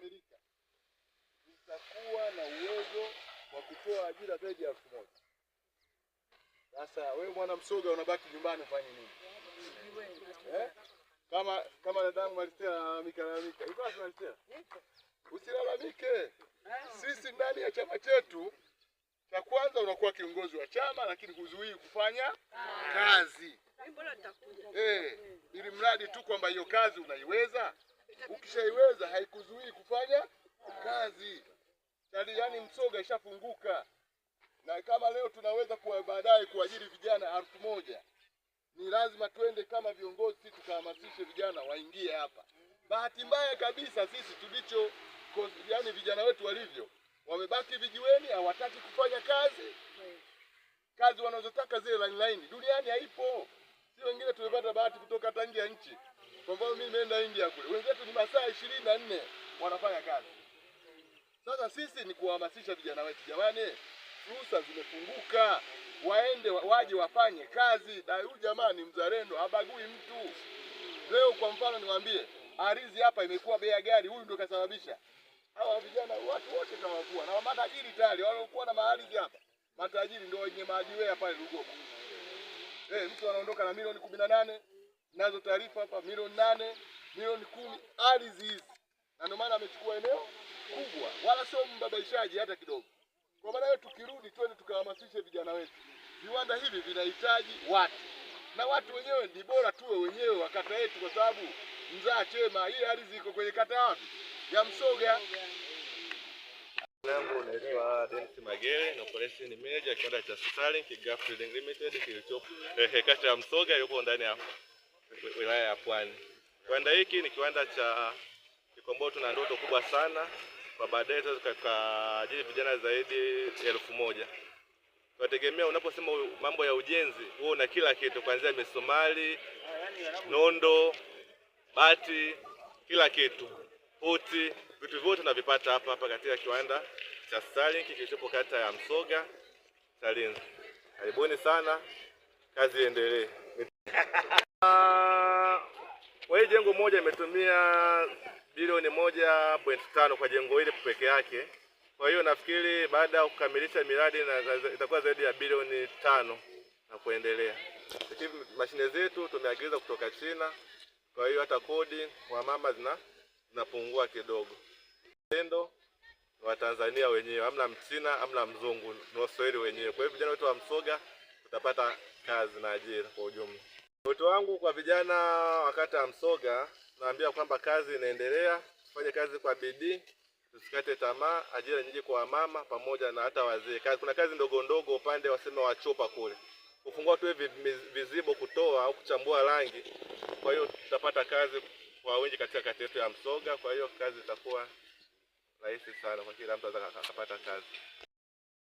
kukamilika litakuwa na uwezo wa kutoa ajira zaidi ya elfu moja. Sasa wewe mwana Msoga unabaki nyumbani ufanye nini? Eh? Kama kama dadangu Maristela analalamika lalamika. Yuko wapi Maristela? Usilalamike. Sisi ndani ya chama chetu cha kwanza unakuwa kiongozi wa chama lakini huzuii kufanya kazi. Eh, ili mradi tu kwamba hiyo kazi unaiweza. Ukishaiweza haikuzuii kufanya kazi tani, yani msoga ishafunguka. Na kama leo tunaweza kuwa baadaye kuajiri vijana elfu moja ni lazima twende kama viongozi sisi tukahamasishe vijana waingie hapa. Bahati mbaya kabisa sisi tulicho yani vijana wetu walivyo wamebaki vijiweni, hawataki kufanya kazi. Kazi wanazotaka zile line line duniani haipo, si wengine tumepata bahati kutoka tangi ya nchi. Kwa mfano mimi nimeenda India kule, wenzetu ni masaa ishirini na nne wanafanya kazi. Sasa sisi ni kuwahamasisha vijana wetu, jamani, fursa zimefunguka, waende waje wafanye kazi, na huyu jamaa ni mzalendo, habagui mtu. Leo kwa mfano niwaambie, arizi hapa imekuwa bei ya gari, huyu ndio kasababisha. Hawa vijana watu wote tawavua na matajiri tayari waliokuwa na mahali hapa, matajiri ndio wenye maji majiwea pale Lugoba. Eh, mtu anaondoka na milioni kumi na nane nazo taarifa hapa, milioni nane, milioni kumi, ardhi hizi, na ndio maana amechukua eneo kubwa, wala sio mbabaishaji hata kidogo. Kwa maana hiyo, tukirudi twende tukahamasishe vijana wetu, viwanda hivi vinahitaji watu na watu wenyewe ni bora tuwe wenyewe wa kata yetu, kwa sababu mzaa chema, hii ardhi iko kwenye kata wapi? Ya Msoga. Langu unaitwa Dennis Magere na operation manager kiwanda cha Starlink Gulf Limited kilichopo eh, kata ya Msoga iliyopo ndani ya wilaya ya Pwani. Kiwanda hiki ni kiwanda cha Kikomboto na ndoto kubwa sana kwa baadaye tuweze tukaajiri vijana zaidi elfu moja. Tunategemea unaposema mambo ya ujenzi, huo una kila kitu kuanzia misumari, nondo, bati, kila kitu, uti, vitu vyote tunavipata hapa hapa katika kiwanda cha Starlink kilichopo kata ya Msoga Chalinze. Karibuni sana, kazi iendelee. Kwa hiyo jengo moja imetumia bilioni moja point tano kwa jengo hili peke yake. Kwa hiyo nafikiri baada ya kukamilisha miradi itakuwa zaidi ya bilioni tano na kuendelea. Lakini mashine zetu tumeagiza kutoka China, kwa hiyo hata kodi kwa mama zina zinapungua kidogo. Tendo wa Tanzania wenyewe, amna mchina amna mzungu, ni Waswahili wenyewe. Kwa hiyo vijana wetu wa Msoga utapata kazi na ajira kwa ujumla. Wito wangu kwa vijana wa kata ya Msoga, naambia kwamba kazi inaendelea, tufanye kazi kwa bidii, tusikate tamaa. Ajira nyingi kwa mama pamoja na hata wazee. Kazi, kuna kazi ndogo ndogo upande wasema wachopa kule, kufungua tu vizibo, kutoa au kuchambua rangi. Kwa hiyo tutapata kazi kwa wingi katika kata yetu ya Msoga. Kwa hiyo kazi itakuwa rahisi sana kwa kila mtu akapata kazi.